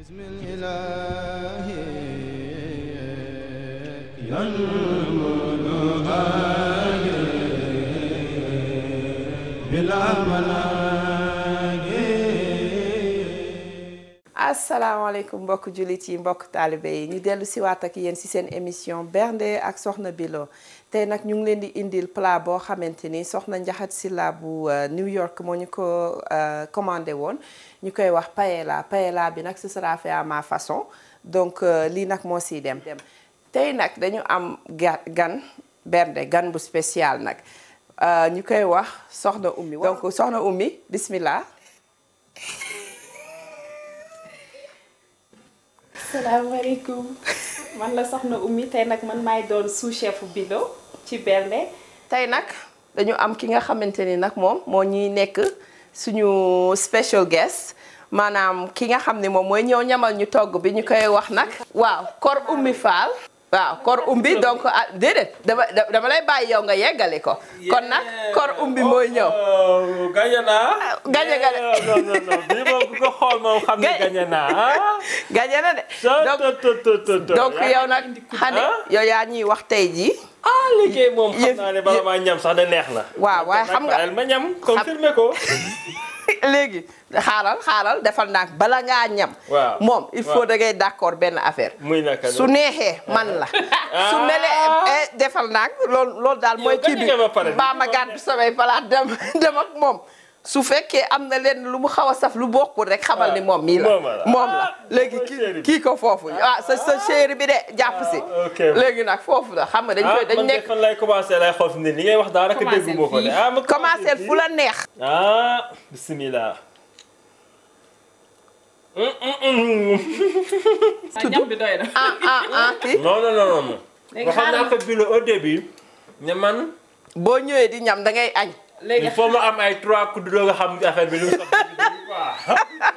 bismillah asalaamaaleykum mbokk jullit yi mbokk taalibe yi ñu dellu siwaat ak yéen si seen émission bernde ak soxna Billo tey nag ñu ngi leen di indil plat boo xamante ni soxna Njaxat Silla bu euh, New York moo ñu ko euh, commandé woon ñu koy wax payela paella bi nag ce sera fait à ma façon donc euh, lii nag moo si dem dem tey nag dañu am gan bernde gan bu spécial nag ñu koy wax soxna ummi donc soxna ummi bismillah salaamaaleykum man la soxna umi tey nag man maay doon sous-chef Bilo ci Bernde. tey nag dañu am ki nga xamante ni nag moom moo ñuy nekk suñu special guest maanaam ki nga xam ne moom mooy ñëw ñamal ñu togg bi ñu koy wax nag. waaw Kor Oumy Fall. waaw Kor Oumy donc ah déedéet dama dama lay bàyyi yow nga yeggali ko. kon nag Kor Oumy mooy ñëw. Oh, gañe nga eh, xool moom xam ne gañe ah. na de. donc donc ah. yow xane ah. yow yaa ñuy wax tey jii. ah liggéey moom xam neex na. waaw waaye xam nga ma ñam confirmé ko. léegi xaaral xaaral defal ndànk bala ngaa ñam. moom il faut da ngay d'accord benn affaire. muy naka su neexee man la. su eh, defal ndànk lool loolu daal mooy. kii bi ba ma gàtt samay palaat dem dem moom. su fekkee am na leen lu mu xaw a saf lu bokkul rek xamal ni ah, moom mii la moom la ah, léegi kii kii ko foofu waaw ah. sa sa chéri bi de jàpp si léegi nag foofu la xam nga dañ koy dañ nekk fan lay commencé lay xool ni li ngay wax daanaka déggu ma ko de ah ma commencé fu la neex ah bismillah mm, mm, mm, tudd bi doy na ah ah ah man boo ñëwee di ñam da ngay añ léegi il faut ma am ay trois coups doog a xam affaire bi lu mu soxla quoi.